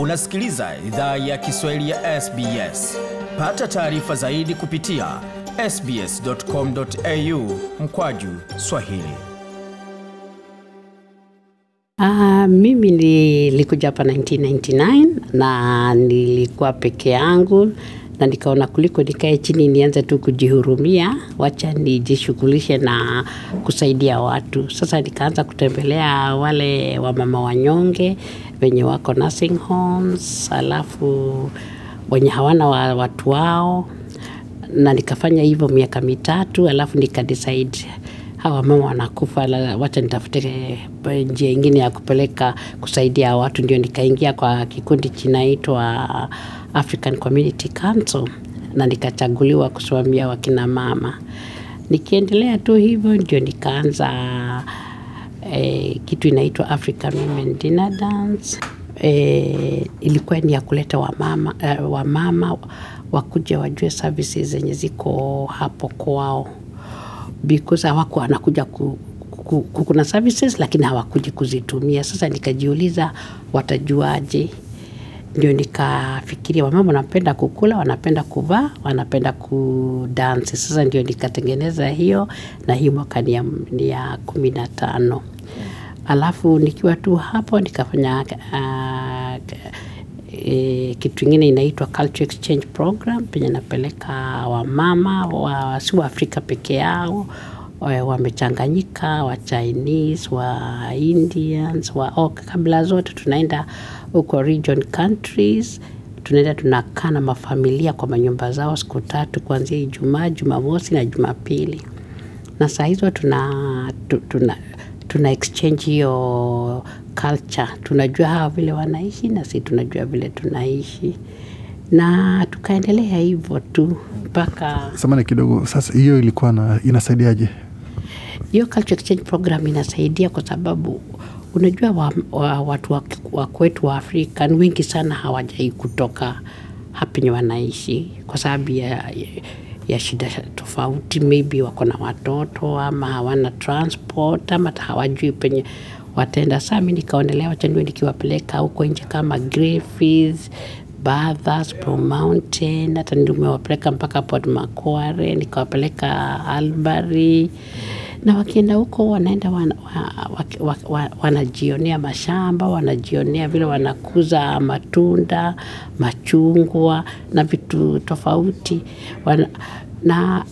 Unasikiliza idhaa ya Kiswahili ya SBS. Pata taarifa zaidi kupitia sbs.com.au mkwaju Swahili. Aa, ah, mimi nilikuja hapa 1999 na nilikuwa peke yangu na nikaona kuliko nikae chini nianze tu kujihurumia, wacha nijishughulishe na kusaidia watu. Sasa nikaanza kutembelea wale wamama wanyonge wenye wako nursing homes, alafu wenye hawana wa, watu wao, na nikafanya hivyo miaka mitatu, alafu nikadecide hawa mama wanakufa, wacha nitafute eh, njia ingine ya kupeleka kusaidia watu. Ndio nikaingia kwa kikundi kinaitwa African Community Council na nikachaguliwa kusimamia wakina mama. Nikiendelea tu hivyo, ndio nikaanza eh, kitu inaitwa African Women Dinner Dance. Eh, ilikuwa ni ya kuleta wamama, eh, wamama wakuja wajue services zenye ziko hapo kwao because hawako anakuja ku, ku, ku, kuna services lakini hawakuji kuzitumia. Sasa nikajiuliza watajuaje? Ndio nikafikiria wamama wanapenda kukula, wanapenda kuvaa, wanapenda kudansi. Sasa ndio nikatengeneza hiyo, na hii mwaka ni ya kumi na tano. Alafu nikiwa tu hapo nikafanya uh, kitu ingine inaitwa culture exchange program penye napeleka wamama wa, si wa Afrika peke yao eh, wamechanganyika wa Chinese wa Indians wa oh, kabila zote. Tunaenda huko region countries, tunaenda tunakaa na mafamilia kwa manyumba zao siku tatu kuanzia Ijumaa, Jumamosi na Jumapili, na saa hizo tuna, tuna, tuna tuna exchange hiyo culture, tunajua hawa vile wanaishi na si tunajua vile tunaishi na tukaendelea hivyo tu mpaka. Samani kidogo, sasa hiyo ilikuwa na inasaidiaje? Hiyo culture exchange program inasaidia kwa sababu unajua wa, wa, watu wa, wa kwetu wa Afrika ni wengi sana hawajai kutoka hapa wanaishi kwa sababu ya ya shida tofauti, maybe wako na watoto ama hawana transport ama hawajui penye wataenda. Saa mi nikaonelea wacha ndio nikiwapeleka huko nje kama Griffiths, Bathurst, Blue Mountain, hata nimewapeleka mpaka Port Macquarie, nikawapeleka Albury na wakienda huko wanaenda wan, wa, wa, wa, wanajionea mashamba, wanajionea vile wanakuza matunda, machungwa na vitu tofauti wana, na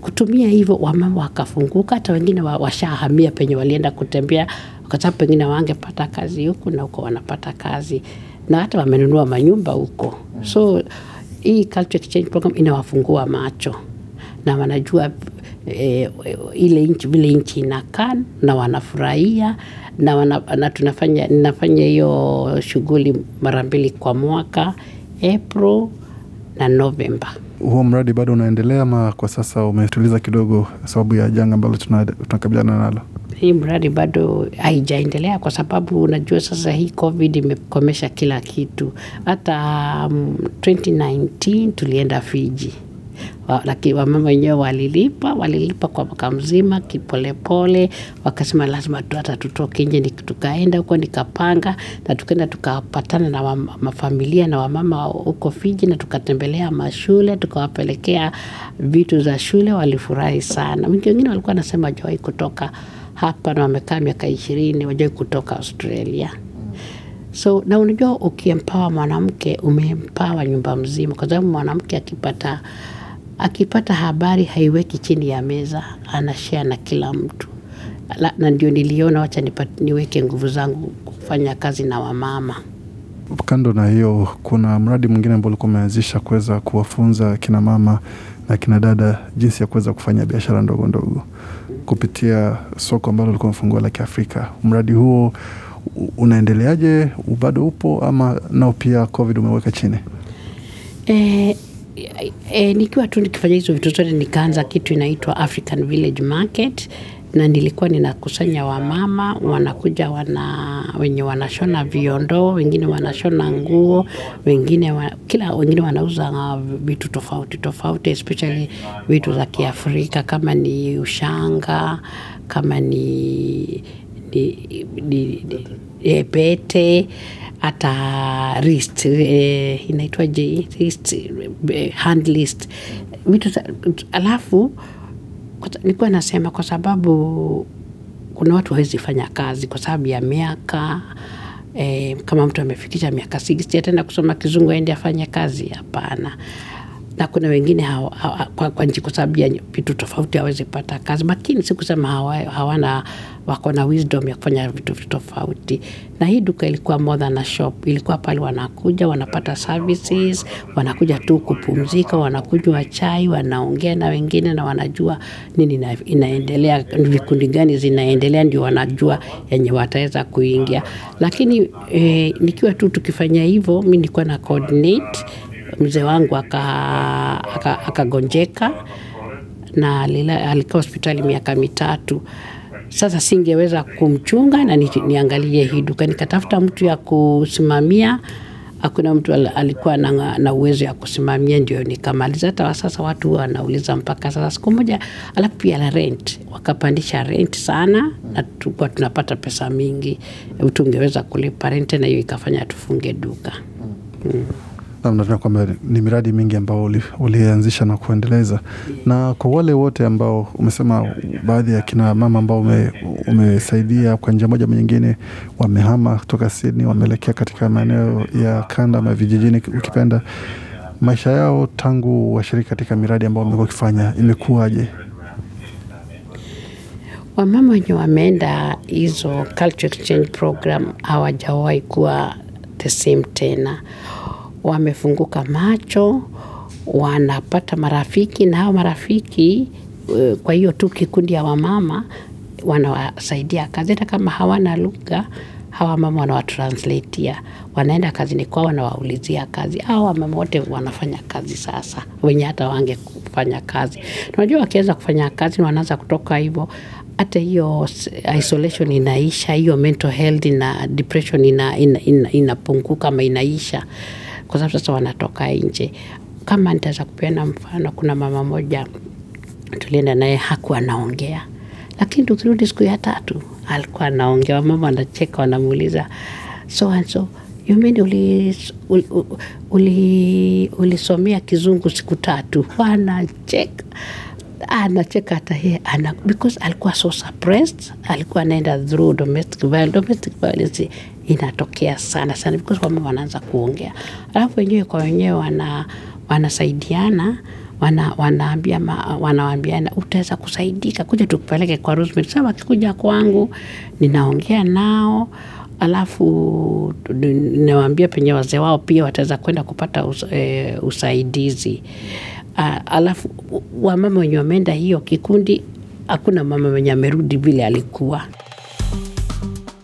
kutumia hivyo wamama wakafunguka, hata wengine washahamia penye walienda kutembea, wakasema pengine wangepata kazi huku na huko wanapata kazi na hata wamenunua manyumba huko. So hii culture exchange program inawafungua macho na wanajua e, ile nchi vile nchi inakaa na wanafurahia na, wana, na tunafanya ninafanya hiyo shughuli mara mbili kwa mwaka April na Novemba. Huo mradi bado unaendelea ama kwa sasa umetuliza kidogo sababu ya janga ambalo tunakabiliana nalo? Hii mradi bado haijaendelea kwa sababu unajua sasa hii COVID imekomesha kila kitu. Hata um, mm, 2019 tulienda Fiji lakini wamama wenyewe walilipa, walilipa kwa mwaka mzima kipolepole, wakasema lazima hata tutoke nje. Tukaenda huko nikapanga, na tukaenda tukapatana na mafamilia na wamama huko Fiji, na tukatembelea mashule, tukawapelekea vitu za shule, walifurahi sana. Wengine walikuwa nasema hawajawahi kutoka hapa na wamekaa miaka ishirini, hawajawahi kutoka Australia. So na unajua, ukiempawa mwanamke umempawa nyumba mzima, kwa sababu mwanamke akipata Akipata habari haiweki chini ya meza, anashea na kila mtu. Na ndio niliona wacha niweke nguvu zangu kufanya kazi na wamama. Kando na hiyo, kuna mradi mwingine ambao ulikuwa umeanzisha kuweza kuwafunza kina mama na kina dada jinsi ya kuweza kufanya biashara ndogo ndogo kupitia soko ambalo ulikuwa umefungua la Kiafrika. Mradi huo unaendeleaje? Bado upo ama nao pia COVID umeweka chini? Eh, e, e, nikiwa tu nikifanya hizo vitu zote, nikaanza kitu inaitwa African Village Market na nilikuwa ninakusanya wamama wanakuja wana wenye wanashona viondoo, wengine wanashona nguo, wengine wa, kila wengine wanauza uh, vitu tofauti tofauti, especially vitu za Kiafrika kama ni ushanga, kama ni e, pete hata wrist e, eh, inaitwaje wrist eh, hand list vitu. Alafu nikuwa nasema kwa sababu kuna watu wawezi fanya kazi kwa sababu ya miaka e, kama mtu amefikisha miaka 60 ataenda kusoma kizungu aende afanye kazi? Hapana na kuna wengine hawa, hawa, kwa, kwa nchi kwa sababu ya vitu tofauti hawezi pata kazi, lakini si kusema hawa, hawana wako na wisdom ya kufanya vitu tofauti. Na hii duka ilikuwa more than a shop, ilikuwa pale wanakuja wanapata services, wanakuja tu kupumzika, wanakunywa chai, wanaongea na wengine na wanajua nini na, inaendelea, vikundi gani zinaendelea, ndio wanajua yenye wataweza kuingia. Lakini eh, nikiwa tu tukifanya hivyo, mi nilikuwa na coordinate mzee wangu akagonjeka aka, aka na alikaa hospitali miaka mitatu. Sasa singeweza kumchunga na ni, niangalie hii duka, nikatafuta mtu ya kusimamia hakuna mtu alikuwa na, na uwezo ya kusimamia, ndio nikamaliza. Hata sasa watu huwa wanauliza mpaka sasa. Siku moja alafu pia la rent wakapandisha rent sana, na tukuwa tunapata pesa mingi, tungeweza kulipa rent, na hiyo ikafanya tufunge duka hmm na kwamba ni miradi mingi ambao ulianzisha na kuendeleza. Na kwa wale wote ambao umesema, baadhi ya kina mama ambao ume, umesaidia kwa njia moja nyingine, wamehama kutoka Sydney, wameelekea katika maeneo ya kanda ama vijijini ukipenda, maisha yao tangu washiriki katika miradi ambao wamekuwa wakifanya imekuwaje? Wamama wenye wameenda hizo culture exchange program hawajawahi kuwa the same tena wamefunguka macho, wanapata marafiki na hao marafiki eh, kwa hiyo tu kikundi ya wamama wanawasaidia kazi hata kama hawana lugha hawa wamama wanawatranslatia, wanaenda kazini kwao, wanawaulizia kazi. Hawa wamama wote wanafanya kazi sasa, wenye hata wange kufanya kazi. Unajua, wakiweza kufanya kazi wanaanza kutoka hivo hata hiyo isolation inaisha, hiyo mental health na depression ina, ina, ina, inapunguka ama inaisha kwa sababu sasa wanatoka nje. Kama nitaweza kupeana mfano, kuna mama moja tulienda naye hakuwa anaongea, lakini tukirudi siku ya tatu alikuwa anaongea. Wamama wanacheka, wanamuuliza so and so ulisomea uli, uli, uli kizungu siku tatu? Wanacheka, anacheka hata yeye ana, because alikuwa so suppressed, alikuwa anaenda through domestic violence, domestic violence inatokea sana sana because wame wanaanza kuongea, alafu wenyewe kwa wenyewe wana wanasaidiana wana, wanaambia wanawaambiana utaweza kusaidika, kuja tukupeleke kwa Rosemary. Sasa wakikuja kwangu ninaongea nao alafu nawaambia penye wazee wao pia wataweza kwenda kupata us, e, usaidizi. A, alafu wamama wenye wameenda hiyo kikundi, hakuna mama mwenye amerudi vile alikuwa